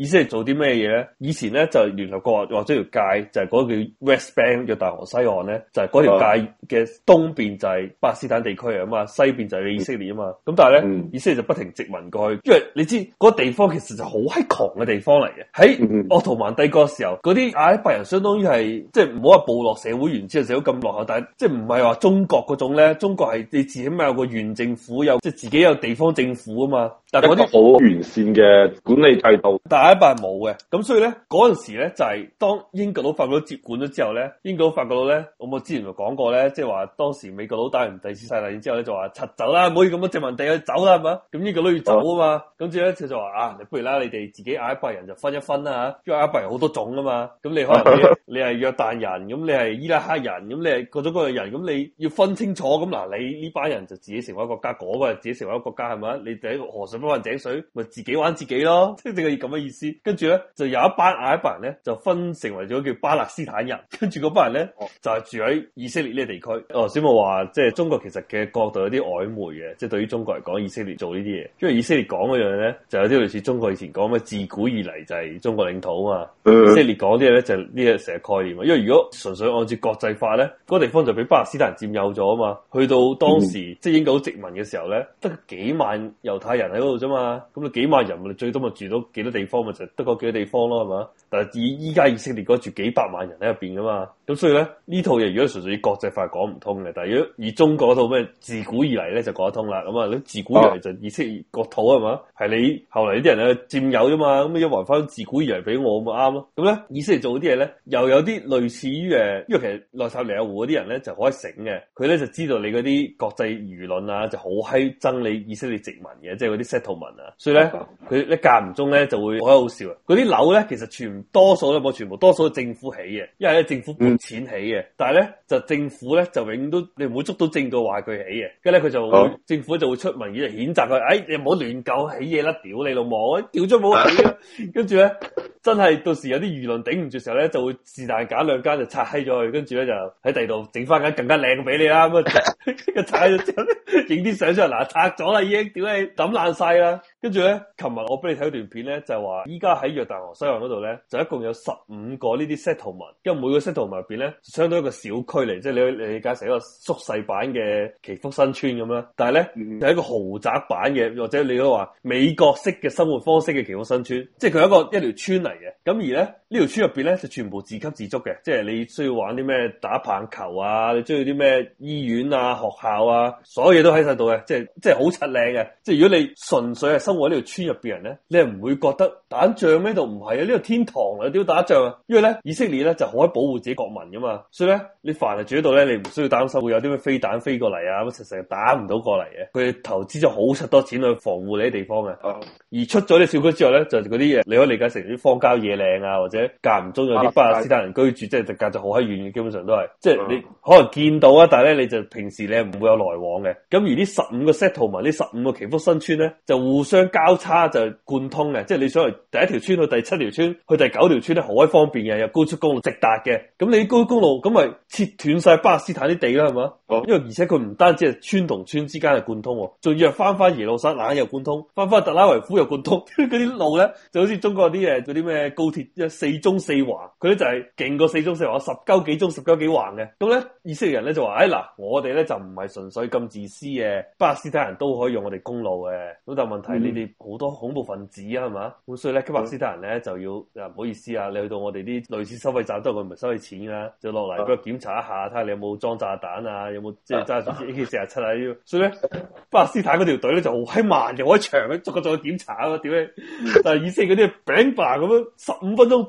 意思係做啲咩嘢咧？以前咧就聯合國或者條界就係、是、嗰叫 West Bank 嘅大河西岸咧，就係、是、嗰條界嘅東邊就係巴斯坦地區啊嘛，西邊就係以色列啊嘛。咁但係咧，以色列就不停殖民過去，因為你知嗰、那個、地方其實就好閪狂嘅地方嚟嘅。喺奧圖曼帝國時候，嗰啲阿拉伯人相當於係即係唔好話部落社會，原始寫到咁落後，但即係唔係話中國嗰種咧？中國係你自己咪有個縣政府，有即、就是、自己有地方政府啊嘛。但係一個好完善嘅管理制度，但阿拉伯係冇嘅。咁所以咧，嗰陣時咧就係、是、當英國佬發覺到接管咗之後咧，英國佬發覺到咧，我之前咪講過咧，即係話當時美國佬打完第二次世界戰之後咧，就話撤走啦，唔可以咁樣殖民地去走啦係嘛？咁英國佬要走啊嘛，咁之後咧就就話啊，你不如啦，你哋自己阿拉伯人就分一分啦嚇，因為阿拉伯人好多種啊嘛，咁你可能你係 約旦人，咁你係伊拉克人，咁你係各種各樣人，咁你要分清楚。咁嗱，你呢班人就自己成為一個國家，嗰、嗰個自己成為一個國家係咪啊？你第一個和尚。幫人井水，咪自己玩自己咯，即係正嘅咁嘅意思。跟住咧，就有一班、另一班咧，就分成為咗叫巴勒斯坦人。跟住嗰班人咧，就係、是、住喺以色列呢個地區。哦，小木話即係中國其實嘅角度有啲曖昧嘅，即、就、係、是、對於中國嚟講，以色列做呢啲嘢，因為以色列講嗰樣嘢咧，就有啲類似中國以前講咩自古以嚟就係中國領土啊嘛、嗯。以色列講啲嘢咧就呢啲成日概念啊。因為如果純粹按照國際法咧，嗰、那個、地方就俾巴勒斯坦人佔有咗啊嘛。去到當時、嗯、即係英國殖民嘅時候咧，得幾萬猶太人喺、那個。啫嘛，咁你幾萬人，你最多咪住到幾多地方咪就得嗰幾多地方咯，係嘛？但係依依家以色列嗰住幾百萬人喺入邊噶嘛，咁所以咧呢套嘢，如果純粹以國際法講唔通嘅，但係如果以中國套咩自古以嚟咧就講得通啦。咁啊，你自古以嚟就以色列國土係嘛，係你後嚟啲人咧佔有啫嘛，咁啊還翻自古以嚟俾我咪啱咯。咁咧以色列做啲嘢咧，又有啲類似於誒，因為其實內塔尼亞胡嗰啲人咧就可以醒嘅，佢咧就知道你嗰啲國際輿論啊就好閪憎你以色列殖民嘅，即係嗰啲逃文啊，所以咧佢咧間唔中咧就會好搞笑啊。嗰啲樓咧其實全多數都冇全部，多數都政府起嘅，因為咧政府撥錢起嘅。但係咧就政府咧就永遠都你唔會捉到證據話佢起嘅，跟咧佢就會、哦、政府就會出文意嚟譴責佢。哎，你唔好亂搞起嘢啦，屌你老母，啊，屌咗冇起啊，跟住咧。 真係到時候有啲輿論頂唔住的時候呢，就會是但揀兩間就拆閪咗佢。跟住呢，就喺第度整返間更加靚俾你啦。咁啊， 拆咗之後呢，影啲相出嚟嗱，拆咗啦已經，屌你抌爛晒啦。跟住咧，琴日我俾你睇段片咧，就係話依家喺約旦河西岸嗰度咧，就一共有十五個呢啲 settlement，跟住每個 settlement 入邊咧，相當於一個小區嚟，即係你你解釋一個縮細版嘅祈福新村咁啦。但係咧，係、就是、一個豪宅版嘅，或者你都話美國式嘅生活方式嘅祈福新村，即係佢係一個一條村嚟嘅。咁而咧。呢條村入邊咧就全部自給自足嘅，即係你需要玩啲咩打棒球啊，你需要啲咩醫院啊、學校啊，所有嘢都喺晒度嘅，即係即係好柒靚嘅。即係如果你純粹係生活喺呢條村入邊人咧，你係唔會覺得打仗咩？度唔係啊！呢個天堂啊，點打仗啊？因為咧，以色列咧就好可以保護自己國民噶嘛。所以咧，你凡係住喺度咧，你唔需要擔心會有啲咩飛彈飛過嚟啊，咁實實打唔到過嚟嘅。佢投資咗好柒多錢去防護你啲地方嘅。而出咗呢小區之外咧，就嗰啲嘢你可以理解成啲荒郊野嶺啊，或者～間唔中有啲巴勒斯坦人居住，即係特隔就好喺遠嘅，基本上都係，即係你可能見到啊，但係咧你就平時咧唔會有來往嘅。咁而呢十五個 settlement 同埋呢十五個祈福新村咧，就互相交叉就係貫通嘅，即係你想去第一條村去第七條村去第九條村咧，好閪方便嘅，有高速公路直達嘅。咁你高速公路咁咪切斷晒巴勒斯坦啲地啦，係嘛？因為而且佢唔單止係村同村之間係貫通，仲要係翻翻耶路撒冷又貫通，翻翻特拉維夫又貫通，嗰啲路咧就好似中國啲誒嗰啲咩高鐵一四中四橫，佢咧就係勁過四中四橫，十交幾中十九，十交幾橫嘅。咁咧，以色列人咧就話，哎嗱，我哋咧就唔係純粹咁自私嘅，巴勒斯坦人都可以用我哋公路嘅。咁但係問題，嗯，你哋好多恐怖分子啊，係嘛？咁所以咧，巴勒斯坦人咧就要，啊、嗯、唔好意思啊，你去到我哋啲類似收費站，都係佢唔係收你錢噶，就落嚟佢檢查一下，睇、啊、下你有冇裝炸彈啊，有冇即係揸住 A K 四啊七啊。所以咧，巴勒斯坦嗰條隊咧就好閪慢嘅，好閪長，逐個逐個檢查啊，點咧？但 係以色列嗰啲餅霸咁樣，十五分鐘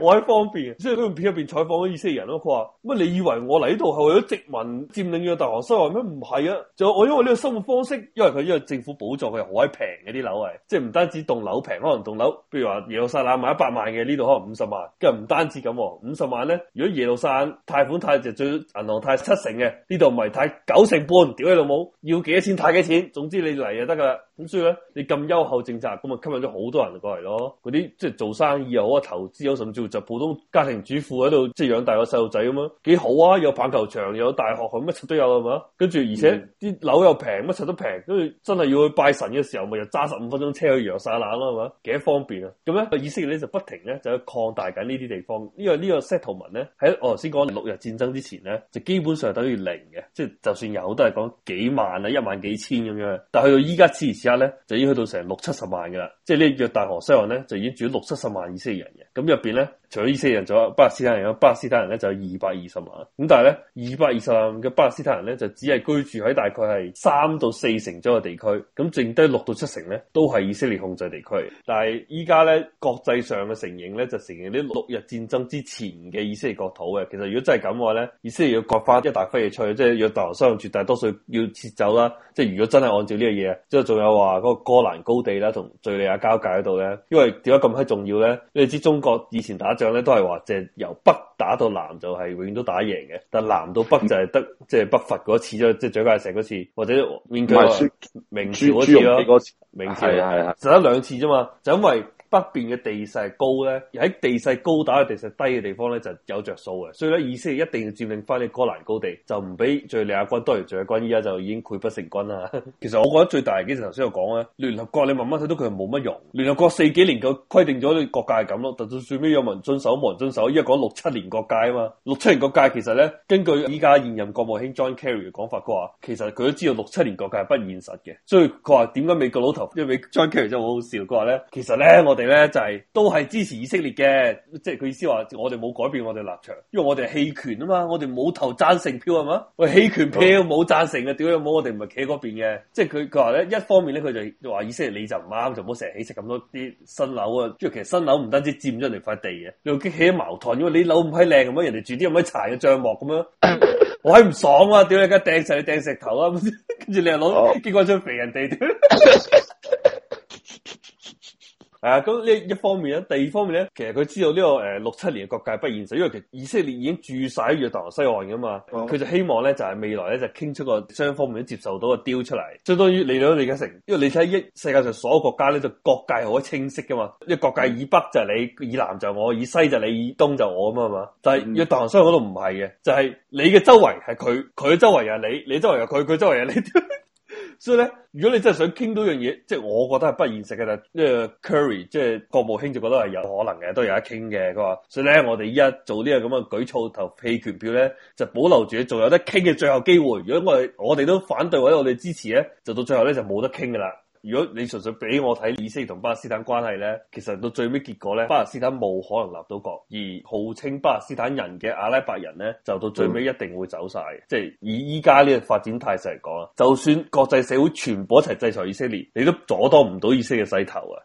我喺方便，即係嗰片入邊採訪嗰以色列人咯。佢話乜你以為我嚟呢度係為咗殖民佔領嘅大行？收話乜唔係啊？就我因為呢個生活方式，因為佢因為政府補助，佢好鬼平嘅啲樓啊，即係唔單止棟樓平，可能棟樓，譬如話耶路撒冷買一百萬嘅呢度可能五十萬，跟住唔單止咁，五十萬咧，如果耶路撒冷貸款貸就最銀行貸七成嘅，呢度唔係貸九成半，屌你老母，要幾多錢貸幾多錢，總之你嚟就得噶啦。咁所以咧，你咁優厚政策，咁啊吸引咗好多人過嚟咯。嗰啲即係做生意又好啊，投資又好。就是、普通家庭主婦喺度，即係養大個細路仔咁咯，幾好啊！有棒球場，有大學，乜柒都有係嘛。跟住，而且啲樓、嗯、又平，乜柒都平。跟住真係要去拜神嘅時候，咪就揸十五分鐘車去耶路撒冷啦，係嘛幾方便啊？咁咧，以色列就不停咧就去擴大緊呢啲地方。呢、這個呢、這個 settlement 咧喺我頭先講六日戰爭之前咧就基本上等於零嘅，即係就算有都係講幾萬啊，一萬幾千咁樣。但去到依家此時此刻咧就已經去到成六七十萬噶啦，即係呢約旦河西岸咧就已經住咗六七十萬以色列人咁入邊咧？除咗以色列人，仲有巴勒斯坦人。咁巴勒斯坦人咧就有二百二十萬。咁但係咧，二百二十萬嘅巴勒斯坦人咧就只係居住喺大概係三到四成左右嘅地區。咁剩低六到七成咧都係以色列控制地區。但係依家咧國際上嘅承認咧就承認呢六日戰爭之前嘅以色列國土嘅。其實如果真係咁嘅話咧，以色列要割翻一大塊嘢出去，即係約旦河西岸絕大多數要撤走啦。即係如果真係按照呢個嘢，即係仲有話嗰個哥蘭高地啦，同敍利亞交界度咧，因為點解咁閪重要咧？你知中國以前打仗。都係話即係由北打到南就係永遠都打贏嘅，但南到北就係得即係、就是、北伐嗰次，即係蔣介石嗰次，或者、那個、明朝嗰次，次，明朝係啊係啊，就得兩次啫嘛，就因為。北邊嘅地勢係高咧，喺地勢高打嘅地勢低嘅地方咧就有着數嘅，所以咧意思係一定要佔領翻呢個戈蘭高地，就唔俾敍利亞軍多餘敍軍，依家就已經潰不成軍啦。 其實我覺得最大嘅頭先我講啊，聯合國你慢慢睇到佢冇乜用，聯合國四幾年嘅規定咗啲國界係咁咯，到最尾有民遵守冇人遵守，因為講六七年國界啊嘛，六七年國界其實咧根據依家現任國務卿 John Kerry 嘅講法，佢話其實佢都知道六七年國界係不現實嘅，所以佢話點解美國佬頭因為 John Kerry 真係好好笑，佢話咧其實咧我哋。咧就係、是、都係支持以色列嘅，即係佢意思話我哋冇改變我哋立場，因為我哋棄權啊嘛，我哋冇投贊成票係嘛，喂棄沒有有沒有我棄權票冇贊成嘅，屌你冇，我哋唔係企嗰邊嘅，即係佢佢話咧，一方面咧佢就話以色列你就唔啱，就唔好成日起食咁多啲新樓啊，即係其實新樓唔單止佔咗人哋塊地嘅，又激起矛盾，因為你樓唔係靚咁樣，人哋住啲咁鬼柴嘅帳幕咁樣， 我係唔爽啊，屌你家掟石去掟石頭啊。跟 住你又攞機關槍肥人地。 咁、啊、呢一方面咧，第二方面咧，其實佢知道呢、這個誒六七年嘅國界不現實，因為其實以色列已經住晒喺約旦河西岸噶嘛，佢、哦、就希望咧就係、是、未來咧就傾出個雙方面都接受到個雕出嚟，相當於嚟到理解成，因為你睇一世界上所有國家咧就國界好清晰噶嘛，因、這、係、個、國界以北就係你，以南就我，以西就你，以東就我咁啊嘛，但係約旦河西岸嗰度唔係嘅，就係、是、你嘅周圍係佢，佢嘅周圍係你，你周圍又佢，佢周圍係你。 所以咧，如果你真係想傾到一樣嘢，即係我覺得係不現實嘅啦。呢個 Curry 即係國務卿就覺得係有可能嘅，都有得傾嘅。佢話：，所以咧，我哋而家做呢個咁嘅舉措投棄權票咧，就保留住仲有得傾嘅最後機會。如果我哋我哋都反對或者我哋支持咧，就到最後咧就冇得傾嘅啦。如果你純粹俾我睇以色列同巴勒斯坦關係咧，其實到最尾結果咧，巴勒斯坦冇可能立到國，而號稱巴勒斯坦人嘅阿拉伯人咧，就到最尾一定會走曬。嗯。即係以依家呢個發展態勢嚟講啊，就算國際社會全部一齊制裁以色列，你都阻擋唔到以色列嘅勢頭啊！